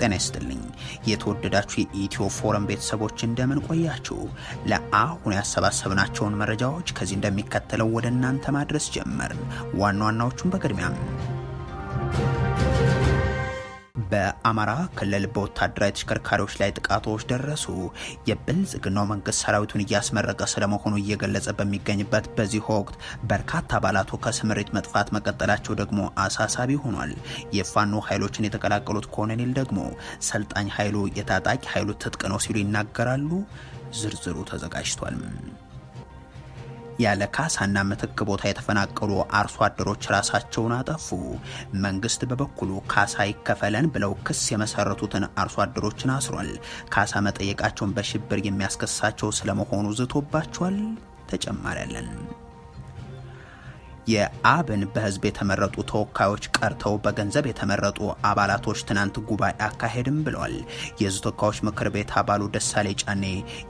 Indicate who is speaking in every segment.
Speaker 1: ጤና ይስጥልኝ የተወደዳችሁ የኢትዮ ፎረም ቤተሰቦች እንደምን ቆያችሁ? ለአሁን ያሰባሰብናቸውን መረጃዎች ከዚህ እንደሚከተለው ወደ እናንተ ማድረስ ጀመርን። ዋና ዋናዎቹን በቅድሚያም በአማራ ክልል በወታደራዊ ተሽከርካሪዎች ላይ ጥቃቶች ደረሱ። የብልጽግናው መንግስት ሰራዊቱን እያስመረቀ ስለመሆኑ እየገለጸ በሚገኝበት በዚህ ወቅት በርካታ አባላቱ ከስምሪት መጥፋት መቀጠላቸው ደግሞ አሳሳቢ ሆኗል። የፋኖ ኃይሎችን የተቀላቀሉት ኮሎኔል ደግሞ ሰልጣኝ ኃይሉ የታጣቂ ኃይሉ ትጥቅ ነው ሲሉ ይናገራሉ። ዝርዝሩ ተዘጋጅቷል። ያለ ካሳና ምትክ ቦታ የተፈናቀሉ አርሶ አደሮች ራሳቸውን አጠፉ። መንግስት በበኩሉ ካሳ ይከፈለን ብለው ክስ የመሰረቱትን አርሶ አደሮችን አስሯል። ካሳ መጠየቃቸውን በሽብር የሚያስከሳቸው ስለመሆኑ ዝቶባቸዋል። ተጨማሪ ያለን የአብን በህዝብ የተመረጡ ተወካዮች ቀርተው በገንዘብ የተመረጡ አባላቶች ትናንት ጉባኤ አካሄድም ብለዋል። የህዝብ ተወካዮች ምክር ቤት አባሉ ደሳሌ ጫኔ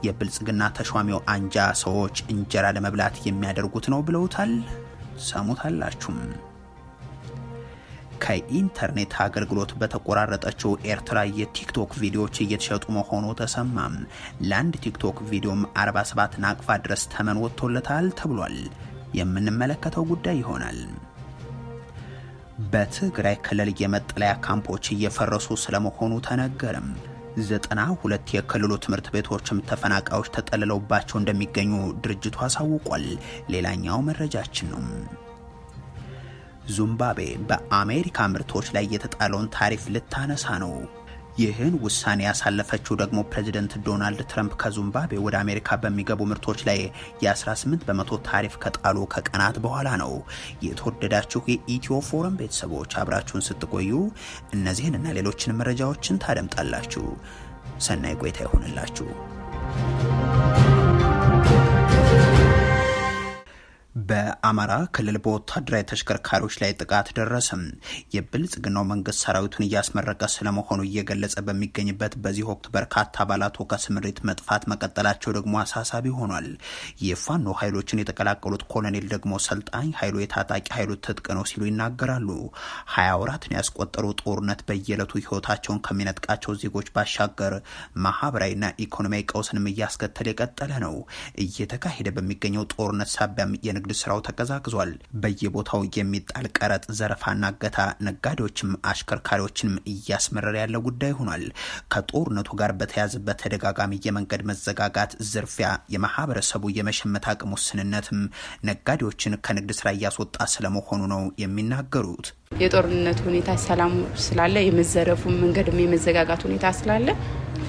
Speaker 1: የብልጽግና ተሿሚው አንጃ ሰዎች እንጀራ ለመብላት የሚያደርጉት ነው ብለውታል። ሰሙታላችሁም። ከኢንተርኔት አገልግሎት በተቆራረጠችው ኤርትራ የቲክቶክ ቪዲዮዎች እየተሸጡ መሆኑ ተሰማም። ለአንድ ቲክቶክ ቪዲዮም 47 ናቅፋ ድረስ ተመን ወጥቶለታል ተብሏል። የምንመለከተው ጉዳይ ይሆናል። በትግራይ ክልል የመጠለያ ካምፖች እየፈረሱ ስለመሆኑ ተነገረም። ዘጠና ሁለት የክልሉ ትምህርት ቤቶችም ተፈናቃዮች ተጠልለውባቸው እንደሚገኙ ድርጅቱ አሳውቋል። ሌላኛው መረጃችን ነው። ዙምባቤ በአሜሪካ ምርቶች ላይ የተጣለውን ታሪፍ ልታነሳ ነው። ይህን ውሳኔ ያሳለፈችው ደግሞ ፕሬዚደንት ዶናልድ ትራምፕ ከዚምባብዌ ወደ አሜሪካ በሚገቡ ምርቶች ላይ የ18 በመቶ ታሪፍ ከጣሉ ከቀናት በኋላ ነው። የተወደዳችሁ የኢትዮ ፎረም ቤተሰቦች አብራችሁን ስትቆዩ እነዚህን እና ሌሎችን መረጃዎችን ታደምጣላችሁ። ሰናይ ቆይታ ይሆንላችሁ። በአማራ ክልል በወታደራዊ ተሽከርካሪዎች ላይ ጥቃት ደረሰም። የብልጽግናው መንግስት ሰራዊቱን እያስመረቀ ስለመሆኑ እየገለጸ በሚገኝበት በዚህ ወቅት በርካታ አባላቱ ከስምሪት መጥፋት መቀጠላቸው ደግሞ አሳሳቢ ሆኗል። የፋኖ ኃይሎችን የተቀላቀሉት ኮሎኔል ደግሞ ሰልጣኝ ኃይሉ የታጣቂ ኃይሉ ትጥቅ ነው ሲሉ ይናገራሉ። ሀያ ወራትን ያስቆጠሩ ጦርነት በየዕለቱ ህይወታቸውን ከሚነጥቃቸው ዜጎች ባሻገር ማህበራዊና ኢኮኖሚያዊ ቀውስንም እያስከተለ የቀጠለ ነው። እየተካሄደ በሚገኘው ጦርነት ሳቢያም የንግድ ስራው ተቀዛቅዟል። በየቦታው የሚጣል ቀረጥ፣ ዘረፋና እገታ ነጋዴዎችም አሽከርካሪዎችንም እያስመረረ ያለ ጉዳይ ሆኗል። ከጦርነቱ ጋር በተያያዘ በተደጋጋሚ የመንገድ መዘጋጋት፣ ዝርፊያ፣ የማህበረሰቡ የመሸመት አቅም ውስንነትም ነጋዴዎችን ከንግድ ስራ እያስወጣ ስለመሆኑ ነው የሚናገሩት።
Speaker 2: የጦርነት ሁኔታ ሰላም ስላለ የመዘረፉ መንገድም የመዘጋጋት ሁኔታ ስላለ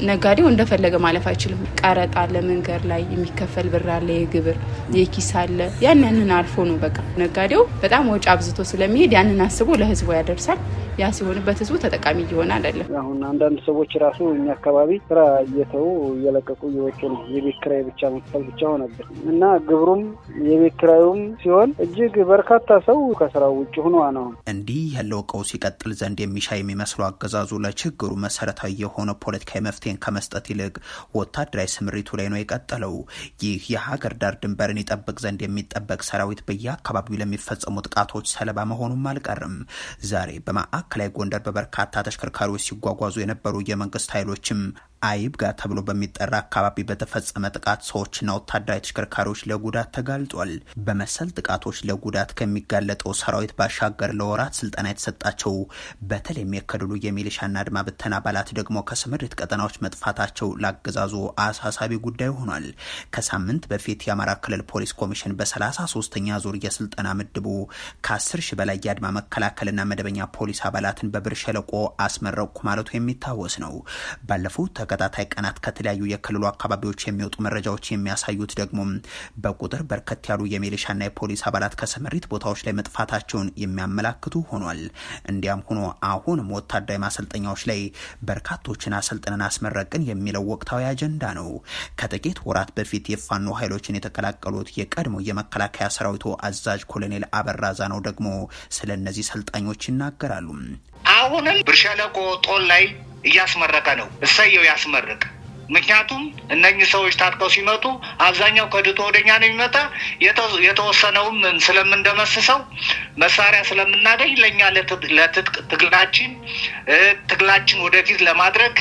Speaker 2: ነጋዴው እንደፈለገ ማለፍ አይችልም። ቀረጥ አለ፣ መንገድ ላይ የሚከፈል ብር አለ፣ የግብር የኪስ አለ። ያን ያንን አልፎ ነው በቃ ነጋዴው በጣም ወጪ አብዝቶ ስለሚሄድ ያንን አስቦ ለህዝቡ ያደርሳል። ያ ሲሆንበት ህዝቡ ተጠቃሚ እየሆነ አይደለም።
Speaker 3: አሁን አንዳንድ ሰዎች ራሱ እኛ አካባቢ ስራ እየተው እየለቀቁ እየወጡ ነው። የቤት ክራይ ብቻ መክፈል ብቻ ሆነብን እና ግብሩም የቤት ክራዩም ሲሆን እጅግ በርካታ ሰው ከስራው ውጭ ሆኗ ነው።
Speaker 1: እንዲህ ያለው ቀውስ ይቀጥል ዘንድ የሚሻ የሚመስለው አገዛዙ ለችግሩ መሰረታዊ የሆነ ፖለቲካዊ መፍትሄን ከመስጠት ይልቅ ወታደራዊ ስምሪቱ ላይ ነው የቀጠለው። ይህ የሀገር ዳር ድንበርን ይጠብቅ ዘንድ የሚጠበቅ ሰራዊት በየአካባቢው ለሚፈጸሙ ጥቃቶች ሰለባ መሆኑም አልቀርም ዛሬ በማ ማዕከላዊ ጎንደር በበርካታ ተሽከርካሪዎች ሲጓጓዙ የነበሩ የመንግስት ኃይሎችም አይብጋ ተብሎ በሚጠራ አካባቢ በተፈጸመ ጥቃት ሰዎችና ወታደራዊ ተሽከርካሪዎች ለጉዳት ተጋልጧል። በመሰል ጥቃቶች ለጉዳት ከሚጋለጠው ሰራዊት ባሻገር ለወራት ስልጠና የተሰጣቸው በተለይም የክልሉ የሚሊሻና አድማ አባላት ደግሞ ከስምሪት ቀጠናዎች መጥፋታቸው ለአገዛዙ አሳሳቢ ጉዳይ ሆኗል። ከሳምንት በፊት የአማራ ክልል ፖሊስ ኮሚሽን በ33ኛ ዙር የስልጠና ምድቡ ከ10 ሺ በላይ የአድማ መከላከልና መደበኛ ፖሊስ አባላትን በብር ሸለቆ አስመረቅኩ ማለቱ የሚታወስ ነው። ባለፉት ለተከታታይ ቀናት ከተለያዩ የክልሉ አካባቢዎች የሚወጡ መረጃዎች የሚያሳዩት ደግሞ በቁጥር በርከት ያሉ የሚሊሻና የፖሊስ አባላት ከስምሪት ቦታዎች ላይ መጥፋታቸውን የሚያመላክቱ ሆኗል። እንዲያም ሆኖ አሁንም ወታደራዊ ማሰልጠኛዎች ላይ በርካቶችን አሰልጥነን አስመረቅን የሚለው ወቅታዊ አጀንዳ ነው። ከጥቂት ወራት በፊት የፋኖ ኃይሎችን የተቀላቀሉት የቀድሞ የመከላከያ ሰራዊቱ አዛዥ ኮሎኔል አበራዛ ነው ደግሞ ስለ እነዚህ ሰልጣኞች ይናገራሉ።
Speaker 4: አሁንም ብርሸለቆ ጦል ላይ እያስመረቀ ነው። እሰየው ያስመርቅ። ምክንያቱም እነኚህ ሰዎች ታጥቀው ሲመጡ አብዛኛው ከድቶ ወደኛ ነው የሚመጣ። የተወሰነውም ስለምንደመስሰው መሳሪያ ስለምናገኝ ለእኛ ለትጥቅ ትግላችን ትግላችን ወደፊት ለማድረግ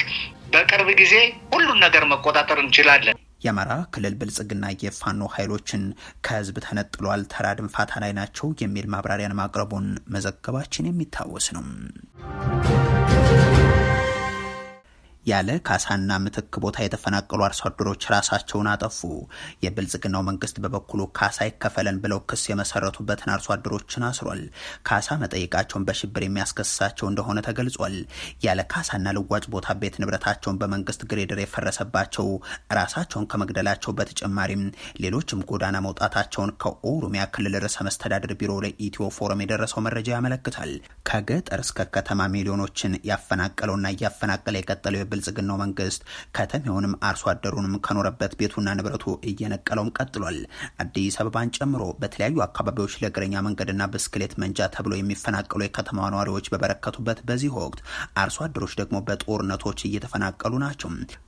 Speaker 4: በቅርብ ጊዜ ሁሉን ነገር መቆጣጠር እንችላለን።
Speaker 1: የአማራ ክልል ብልጽግና የፋኖ ኃይሎችን ከህዝብ ተነጥሏል፣ ተራ ድንፋታ ላይ ናቸው የሚል ማብራሪያን ማቅረቡን መዘገባችን የሚታወስ ነው። ያለ ካሳና ምትክ ቦታ የተፈናቀሉ አርሶ አደሮች ራሳቸውን አጠፉ። የብልጽግናው መንግስት በበኩሉ ካሳ ይከፈለን ብለው ክስ የመሰረቱበትን አርሶ አደሮችን አስሯል። ካሳ መጠየቃቸውን በሽብር የሚያስከስሳቸው እንደሆነ ተገልጿል። ያለ ካሳና ልዋጭ ቦታ ቤት ንብረታቸውን በመንግስት ግሬደር የፈረሰባቸው ራሳቸውን ከመግደላቸው በተጨማሪም ሌሎችም ጎዳና መውጣታቸውን ከኦሮሚያ ክልል ርዕሰ መስተዳድር ቢሮ ለኢትዮ ፎረም የደረሰው መረጃ ያመለክታል። ከገጠር እስከ ከተማ ሚሊዮኖችን ያፈናቀለውና እያፈናቀለ የቀጠለው ብልጽግናው መንግስት ከተሜውንም አርሶ አደሩንም ከኖረበት ቤቱና ንብረቱ እየነቀለውም ቀጥሏል። አዲስ አበባን ጨምሮ በተለያዩ አካባቢዎች ለእግረኛ መንገድና ብስክሌት መንጃ ተብሎ የሚፈናቀሉ የከተማ ነዋሪዎች በበረከቱበት በዚህ ወቅት አርሶ አደሮች ደግሞ በጦርነቶች እየተፈናቀሉ ናቸው።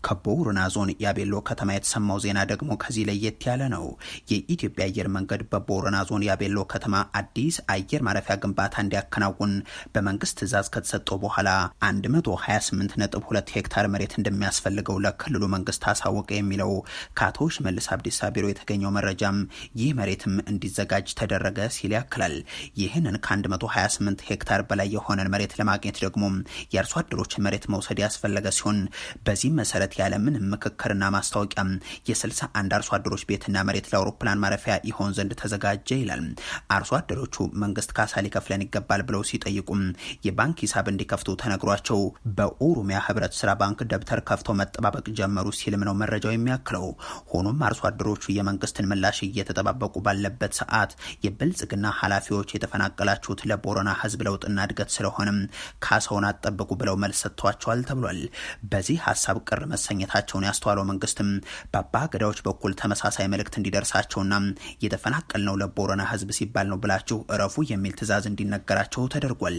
Speaker 1: ከቦረና ዞን ያቤሎ ከተማ የተሰማው ዜና ደግሞ ከዚህ ለየት ያለ ነው። የኢትዮጵያ አየር መንገድ በቦረና ዞን ያቤሎ ከተማ አዲስ አየር ማረፊያ ግንባታ እንዲያከናውን በመንግስት ትዕዛዝ ከተሰጠው በኋላ 128.2 ሄክታ ሄክታር መሬት እንደሚያስፈልገው ለክልሉ መንግስት አሳወቀ የሚለው ከአቶ ሽመልስ አብዲሳ ቢሮ የተገኘው መረጃም ይህ መሬትም እንዲዘጋጅ ተደረገ ሲል ያክላል። ይህንን ከ128 ሄክታር በላይ የሆነን መሬት ለማግኘት ደግሞ የአርሶ አደሮች መሬት መውሰድ ያስፈለገ ሲሆን በዚህም መሰረት ያለምን ምክክርና ማስታወቂያ የ61 አርሶ አደሮች ቤትና መሬት ለአውሮፕላን ማረፊያ ይሆን ዘንድ ተዘጋጀ ይላል። አርሶ አደሮቹ መንግስት ካሳ ሊከፍለን ይገባል ብለው ሲጠይቁም የባንክ ሂሳብ እንዲከፍቱ ተነግሯቸው በኦሮሚያ ህብረት ስራ ባንክ ደብተር ከፍቶ መጠባበቅ ጀመሩ ሲልም ነው መረጃው የሚያክለው። ሆኖም አርሶ አደሮቹ የመንግስትን ምላሽ እየተጠባበቁ ባለበት ሰዓት የብልጽግና ኃላፊዎች የተፈናቀላችሁት ለቦረና ህዝብ ለውጥና እድገት ስለሆነም ካሳውን አጠብቁ ብለው መልስ ሰጥቷቸዋል ተብሏል። በዚህ ሀሳብ ቅር መሰኘታቸውን ያስተዋለው መንግስትም በአባ ገዳዎች በኩል ተመሳሳይ መልእክት እንዲደርሳቸውና የተፈናቀልነው ለቦረና ህዝብ ሲባል ነው ብላችሁ እረፉ የሚል ትዕዛዝ እንዲነገራቸው ተደርጓል።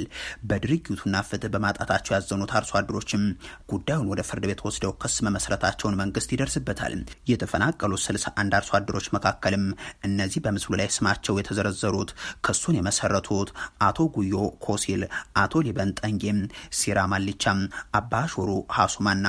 Speaker 1: በድርጊቱና ፍትህ በማጣታቸው ያዘኑት አርሶ አደሮችም ጉዳ ጉዳዩን ወደ ፍርድ ቤት ወስደው ክስ መመስረታቸውን መንግስት ይደርስበታል። የተፈናቀሉ 61 አርሶ አደሮች መካከልም እነዚህ በምስሉ ላይ ስማቸው የተዘረዘሩት ክሱን የመሰረቱት አቶ ጉዮ ኮሲል፣ አቶ ሊበን ጠንጌም፣ ሲራ ማሊቻም፣ አባሾሩ ሀሱማና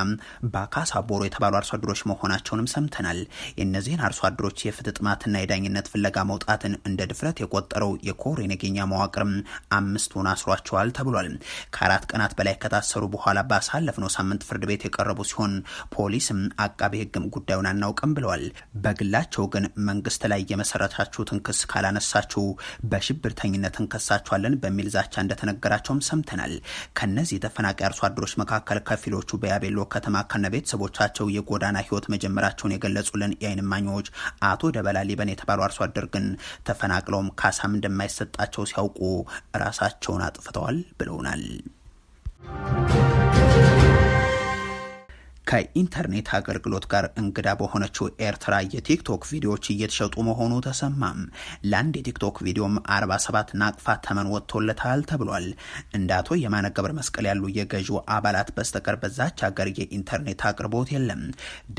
Speaker 1: ባካሳ ቦሮ የተባሉ አርሶ አደሮች መሆናቸውንም ሰምተናል። የእነዚህን አርሶ አደሮች የፍትህ ጥማትና የዳኝነት ፍለጋ መውጣትን እንደ ድፍረት የቆጠረው የኮር የነገኛ መዋቅርም አምስቱን አስሯቸዋል ተብሏል። ከአራት ቀናት በላይ ከታሰሩ በኋላ ባሳለፍነው ሳምንት ፍርድ ቤት የቀረቡ ሲሆን ፖሊስም አቃቤ ህግም ጉዳዩን አናውቅም ብለዋል። በግላቸው ግን መንግስት ላይ የመሰረታችሁትን ክስ ካላነሳችሁ በሽብርተኝነት እንከሳችኋለን በሚል ዛቻ እንደተነገራቸውም ሰምተናል። ከነዚህ የተፈናቃይ አርሶ አደሮች መካከል ከፊሎቹ በያቤሎ ከተማ ከነ ቤተሰቦቻቸው የጎዳና ህይወት መጀመራቸውን የገለጹልን የአይን እማኞች አቶ ደበላ ሊበን የተባሉ አርሶ አደር ግን ተፈናቅለውም ካሳም እንደማይሰጣቸው ሲያውቁ ራሳቸውን አጥፍተዋል ብለውናል። ከኢንተርኔት አገልግሎት ጋር እንግዳ በሆነችው ኤርትራ የቲክቶክ ቪዲዮዎች እየተሸጡ መሆኑ ተሰማም። ለአንድ የቲክቶክ ቪዲዮም 47 ናቅፋ ተመን ወጥቶለታል ተብሏል። እንደ አቶ የማነ ገብረ መስቀል ያሉ የገዢው አባላት በስተቀር በዛች ሀገር የኢንተርኔት አቅርቦት የለም።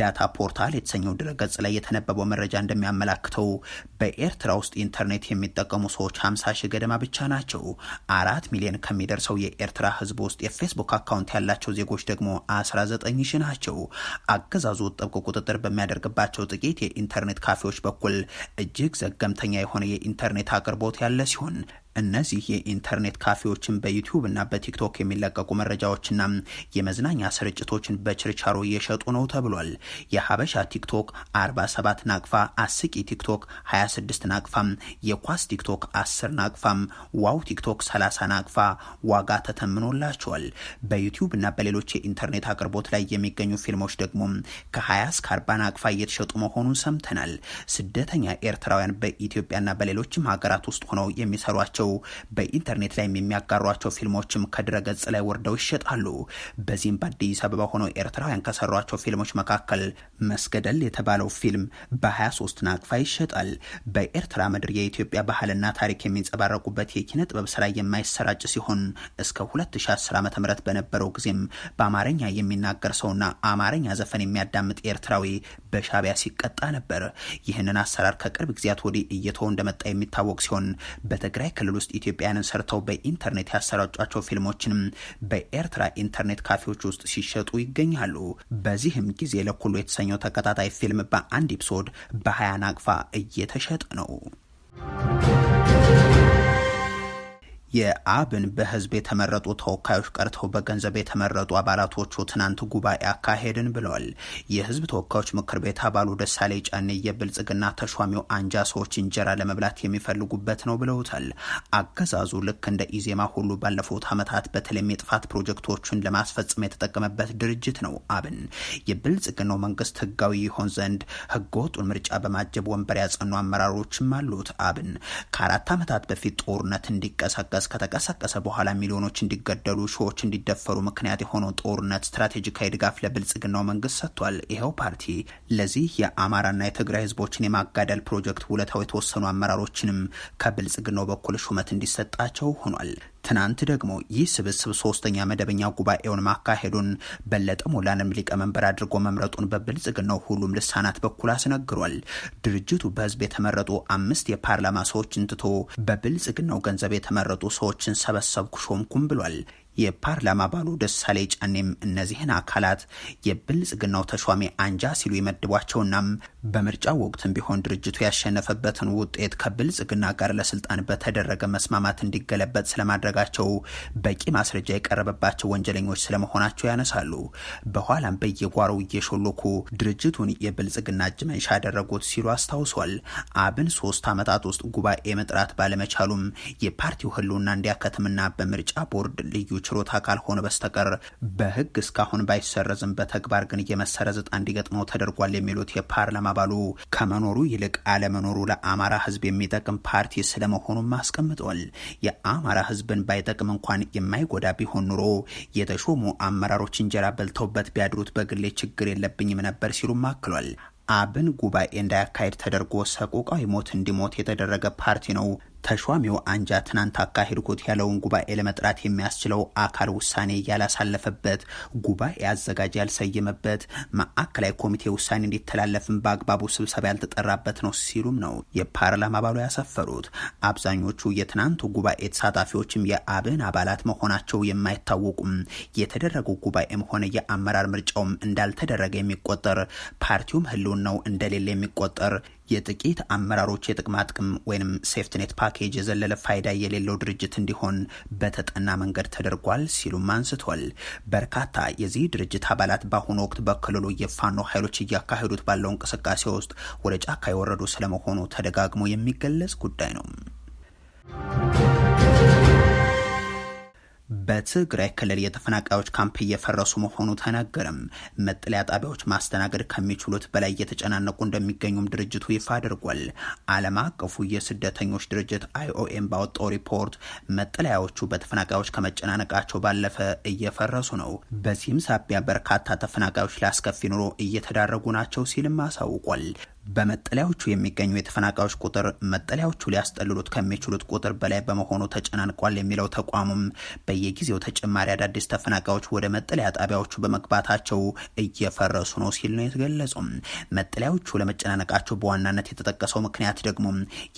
Speaker 1: ዳታ ፖርታል የተሰኘው ድረገጽ ላይ የተነበበው መረጃ እንደሚያመላክተው በኤርትራ ውስጥ ኢንተርኔት የሚጠቀሙ ሰዎች 50 ሺህ ገደማ ብቻ ናቸው። አራት ሚሊዮን ከሚደርሰው የኤርትራ ህዝብ ውስጥ የፌስቡክ አካውንት ያላቸው ዜጎች ደግሞ 19 ሺህ ናቸው። ናቸው። አገዛዙ ጥብቅ ቁጥጥር በሚያደርግባቸው ጥቂት የኢንተርኔት ካፌዎች በኩል እጅግ ዘገምተኛ የሆነ የኢንተርኔት አቅርቦት ያለ ሲሆን እነዚህ የኢንተርኔት ካፌዎችን እና በቲክቶክ የሚለቀቁ መረጃዎችና የመዝናኛ ስርጭቶችን በችርቻሮ እየሸጡ ነው ተብሏል። የሀበሻ ቲክቶክ 47 ናቅፋ፣ አስቂ ቲክቶክ 26 ናቅፋም፣ የኳስ ቲክቶክ 10 ናቅፋም፣ ዋው ቲክቶክ 30 ናቅፋ ዋጋ ተተምኖላቸዋል። በዩቲዩብ እና በሌሎች የኢንተርኔት አቅርቦት ላይ የሚገኙ ፊልሞች ደግሞ ከ20 እስከ 40 ናቅፋ እየተሸጡ መሆኑን ሰምተናል። ስደተኛ ኤርትራውያን በኢትዮጵያና በሌሎችም ሀገራት ውስጥ ሆነው የሚሰሯቸው ናቸው። በኢንተርኔት ላይም የሚያጋሯቸው ፊልሞችም ከድረገጽ ላይ ወርደው ይሸጣሉ። በዚህም በአዲስ አበባ ሆነው ኤርትራውያን ከሰሯቸው ፊልሞች መካከል መስገደል የተባለው ፊልም በ23 ናቅፋ ይሸጣል። በኤርትራ ምድር የኢትዮጵያ ባህልና ታሪክ የሚንጸባረቁበት የኪነ ጥበብ ስራ የማይሰራጭ ሲሆን እስከ 2010 ዓ ም በነበረው ጊዜም በአማርኛ የሚናገር ሰውና አማርኛ ዘፈን የሚያዳምጥ ኤርትራዊ በሻቢያ ሲቀጣ ነበር። ይህንን አሰራር ከቅርብ ጊዜያት ወዲህ እየተወ እንደመጣ የሚታወቅ ሲሆን በትግራይ ክልል ክልል ውስጥ ኢትዮጵያውያንን ሰርተው በኢንተርኔት ያሰራጫቸው ፊልሞችንም በኤርትራ ኢንተርኔት ካፌዎች ውስጥ ሲሸጡ ይገኛሉ። በዚህም ጊዜ ለኩሉ የተሰኘው ተከታታይ ፊልም በአንድ ኢፕሶድ በሀያ ናቅፋ እየተሸጠ ነው። የአብን በህዝብ የተመረጡ ተወካዮች ቀርተው በገንዘብ የተመረጡ አባላቶቹ ትናንት ጉባኤ አካሄድን ብለዋል። የህዝብ ተወካዮች ምክር ቤት አባሉ ደሳሌ ጫኔ የብልጽግና ተሿሚው አንጃ ሰዎች እንጀራ ለመብላት የሚፈልጉበት ነው ብለውታል። አገዛዙ ልክ እንደ ኢዜማ ሁሉ ባለፉት ዓመታት በተለይም የጥፋት ፕሮጀክቶችን ለማስፈጸም የተጠቀመበት ድርጅት ነው አብን። የብልጽግናው መንግስት ህጋዊ ይሆን ዘንድ ህገወጡን ምርጫ በማጀብ ወንበር ያጸኑ አመራሮችም አሉት። አብን ከአራት ዓመታት በፊት ጦርነት እንዲቀሳቀስ መቀስቀስ ከተቀሰቀሰ በኋላ ሚሊዮኖች እንዲገደሉ፣ ሺዎች እንዲደፈሩ ምክንያት የሆነው ጦርነት ስትራቴጂካዊ ድጋፍ ለብልጽግናው መንግስት ሰጥቷል። ይኸው ፓርቲ ለዚህ የአማራና የትግራይ ህዝቦችን የማጋደል ፕሮጀክት ውለታው የተወሰኑ አመራሮችንም ከብልጽግናው በኩል ሹመት እንዲሰጣቸው ሆኗል። ትናንት ደግሞ ይህ ስብስብ ሶስተኛ መደበኛ ጉባኤውን ማካሄዱን በለጠ ሞላንም ሊቀመንበር አድርጎ መምረጡን በብልጽግናው ሁሉም ልሳናት በኩል አስነግሯል። ድርጅቱ በህዝብ የተመረጡ አምስት የፓርላማ ሰዎችን ትቶ በብልጽግናው ገንዘብ የተመረጡ ሰዎችን ሰበሰብኩ ሾምኩም ብሏል። የፓርላማ አባሉ ደሳሌ ጫኔም እነዚህን አካላት የብልጽግናው ተሿሚ አንጃ ሲሉ የመድቧቸውናም በምርጫው ወቅትም ቢሆን ድርጅቱ ያሸነፈበትን ውጤት ከብልጽግና ጋር ለስልጣን በተደረገ መስማማት እንዲገለበጥ ስለማድረጋቸው በቂ ማስረጃ የቀረበባቸው ወንጀለኞች ስለመሆናቸው ያነሳሉ። በኋላም በየጓሮው እየሾለኩ ድርጅቱን የብልጽግና እጅ መንሻ ያደረጉት ሲሉ አስታውሷል። አብን ሶስት ዓመታት ውስጥ ጉባኤ መጥራት ባለመቻሉም የፓርቲው ህልውና እንዲያከትምና በምርጫ ቦርድ ልዩ ችሎታ ካልሆነ በስተቀር በህግ እስካሁን ባይሰረዝም በተግባር ግን የመሰረዝ ዕጣ እንዲገጥመው ተደርጓል የሚሉት የፓርላማ አባሉ ከመኖሩ ይልቅ አለመኖሩ ለአማራ ህዝብ የሚጠቅም ፓርቲ ስለመሆኑም አስቀምጠዋል። የአማራ ህዝብን ባይጠቅም እንኳን የማይጎዳ ቢሆን ኑሮ የተሾሙ አመራሮች እንጀራ በልተውበት ቢያድሩት በግሌ ችግር የለብኝም ነበር ሲሉም አክሏል። አብን ጉባኤ እንዳያካሄድ ተደርጎ ሰቆቃዊ ሞት እንዲሞት የተደረገ ፓርቲ ነው። ተሿሚው አንጃ ትናንት አካሄድኩት ያለውን ጉባኤ ለመጥራት የሚያስችለው አካል ውሳኔ ያላሳለፈበት፣ ጉባኤ አዘጋጅ ያልሰየመበት፣ ማዕከላዊ ኮሚቴ ውሳኔ እንዲተላለፍም በአግባቡ ስብሰባ ያልተጠራበት ነው ሲሉም ነው የፓርላማ አባሉ ያሰፈሩት። አብዛኞቹ የትናንቱ ጉባኤ ተሳታፊዎችም የአብን አባላት መሆናቸው የማይታወቁም የተደረገው ጉባኤም ሆነ የአመራር ምርጫውም እንዳልተደረገ የሚቆጠር ፓርቲውም ህልውናው እንደሌለ የሚቆጠር የጥቂት አመራሮች የጥቅማ ጥቅም ወይም ሴፍትኔት ፓኬጅ የዘለለ ፋይዳ የሌለው ድርጅት እንዲሆን በተጠና መንገድ ተደርጓል ሲሉም አንስቷል። በርካታ የዚህ ድርጅት አባላት በአሁኑ ወቅት በክልሉ የፋኖ ኃይሎች እያካሄዱት ባለው እንቅስቃሴ ውስጥ ወደ ጫካ የወረዱ ስለመሆኑ ተደጋግሞ የሚገለጽ ጉዳይ ነው። በትግራይ ክልል የተፈናቃዮች ካምፕ እየፈረሱ መሆኑ ተነገረም። መጠለያ ጣቢያዎች ማስተናገድ ከሚችሉት በላይ እየተጨናነቁ እንደሚገኙም ድርጅቱ ይፋ አድርጓል። ዓለም አቀፉ የስደተኞች ድርጅት አይኦኤም ባወጣው ሪፖርት መጠለያዎቹ በተፈናቃዮች ከመጨናነቃቸው ባለፈ እየፈረሱ ነው፣ በዚህም ሳቢያ በርካታ ተፈናቃዮች ላስከፊ ኑሮ እየተዳረጉ ናቸው ሲልም አሳውቋል። በመጠለያዎቹ የሚገኙ የተፈናቃዮች ቁጥር መጠለያዎቹ ሊያስጠልሉት ከሚችሉት ቁጥር በላይ በመሆኑ ተጨናንቋል የሚለው ተቋሙም በየጊዜው ተጨማሪ አዳዲስ ተፈናቃዮች ወደ መጠለያ ጣቢያዎቹ በመግባታቸው እየፈረሱ ነው ሲል ነው የተገለጹም። መጠለያዎቹ ለመጨናነቃቸው በዋናነት የተጠቀሰው ምክንያት ደግሞ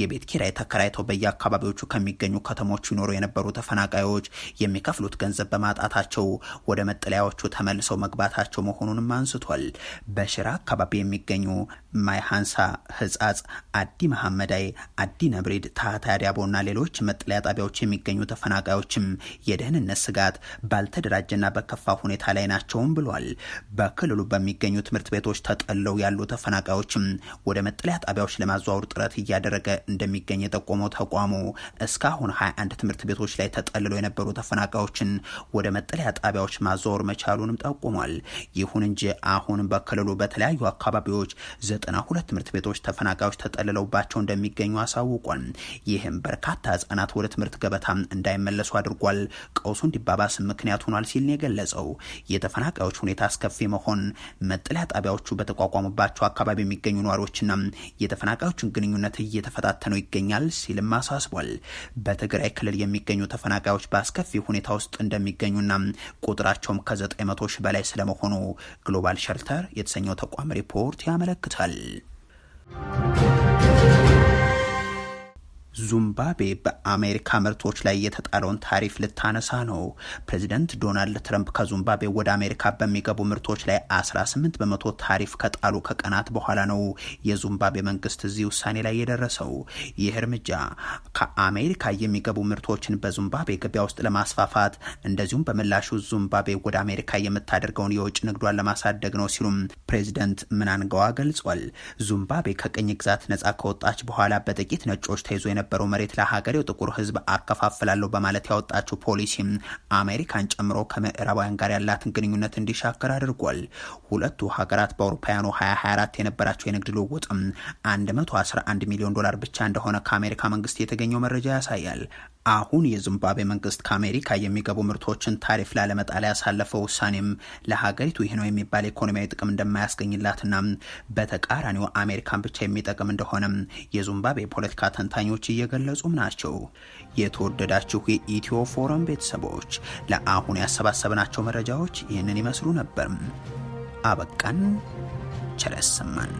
Speaker 1: የቤት ኪራይ ተከራይተው በየአካባቢዎቹ ከሚገኙ ከተሞች ይኖሩ የነበሩ ተፈናቃዮች የሚከፍሉት ገንዘብ በማጣታቸው ወደ መጠለያዎቹ ተመልሰው መግባታቸው መሆኑንም አንስቷል። በሽራ አካባቢ የሚገኙ ማይ ሃንሳ ህጻጽ፣ አዲ መሐመዳይ፣ አዲ ነብሪድ፣ ታህታ ዲያቦና ሌሎች መጠለያ ጣቢያዎች የሚገኙ ተፈናቃዮችም የደህንነት ስጋት ባልተደራጀና በከፋ ሁኔታ ላይ ናቸውም ብሏል። በክልሉ በሚገኙ ትምህርት ቤቶች ተጠለው ያሉ ተፈናቃዮችም ወደ መጠለያ ጣቢያዎች ለማዘዋወር ጥረት እያደረገ እንደሚገኝ የጠቆመው ተቋሙ እስካሁን 21 ትምህርት ቤቶች ላይ ተጠልለው የነበሩ ተፈናቃዮችን ወደ መጠለያ ጣቢያዎች ማዘዋወር መቻሉንም ጠቁሟል። ይሁን እንጂ አሁን በክልሉ በተለያዩ አካባቢዎች ዘጠና ሁለት ትምህርት ቤቶች ተፈናቃዮች ተጠልለውባቸው እንደሚገኙ አሳውቋል። ይህም በርካታ ህጻናት ወደ ትምህርት ገበታ እንዳይመለሱ አድርጓል። ቀውሱ እንዲባባስ ምክንያት ሆኗል ሲል ነው የገለጸው። የተፈናቃዮች ሁኔታ አስከፊ መሆን መጠለያ ጣቢያዎቹ በተቋቋሙባቸው አካባቢ የሚገኙ ነዋሪዎችና የተፈናቃዮችን ግንኙነት እየተፈታተነው ይገኛል ሲልም አሳስቧል። በትግራይ ክልል የሚገኙ ተፈናቃዮች በአስከፊ ሁኔታ ውስጥ እንደሚገኙና ቁጥራቸውም ከዘጠኝ መቶ ሺህ በላይ ስለመሆኑ ግሎባል ሸልተር የተሰኘው ተቋም ሪፖርት ያመለክታል። Digital. ዙምባቤ በአሜሪካ ምርቶች ላይ የተጣለውን ታሪፍ ልታነሳ ነው። ፕሬዚደንት ዶናልድ ትረምፕ ከዙምባቤ ወደ አሜሪካ በሚገቡ ምርቶች ላይ 18 በመቶ ታሪፍ ከጣሉ ከቀናት በኋላ ነው የዙምባቤ መንግስት እዚህ ውሳኔ ላይ የደረሰው። ይህ እርምጃ ከአሜሪካ የሚገቡ ምርቶችን በዙምባቤ ገበያ ውስጥ ለማስፋፋት እንደዚሁም በምላሹ ዙምባቤ ወደ አሜሪካ የምታደርገውን የውጭ ንግዷን ለማሳደግ ነው ሲሉም ፕሬዚደንት ምናንገዋ ገልጿል። ዙምባቤ ከቅኝ ግዛት ነጻ ከወጣች በኋላ በጥቂት ነጮች ተይዞ የነበ የነበረው መሬት ለሀገሬው ጥቁር ህዝብ አከፋፍላለሁ በማለት ያወጣችው ፖሊሲ አሜሪካን ጨምሮ ከምዕራባውያን ጋር ያላትን ግንኙነት እንዲሻከር አድርጓል። ሁለቱ ሀገራት በአውሮፓውያኑ 2024 የነበራቸው የንግድ ልውውጥ 111 ሚሊዮን ዶላር ብቻ እንደሆነ ከአሜሪካ መንግስት የተገኘው መረጃ ያሳያል። አሁን የዚምባብዌ መንግስት ከአሜሪካ የሚገቡ ምርቶችን ታሪፍ ላለመጣል ያሳለፈው ውሳኔም ለሀገሪቱ ይህ ነው የሚባል ኢኮኖሚያዊ ጥቅም እንደማያስገኝላትና በተቃራኒው አሜሪካን ብቻ የሚጠቅም እንደሆነም የዚምባብዌ ፖለቲካ ተንታኞች እየገለጹም ናቸው። የተወደዳችሁ የኢትዮ ፎረም ቤተሰቦች ለአሁን ያሰባሰብናቸው መረጃዎች ይህንን ይመስሉ ነበር። አበቃን። ቸር ያሰማን።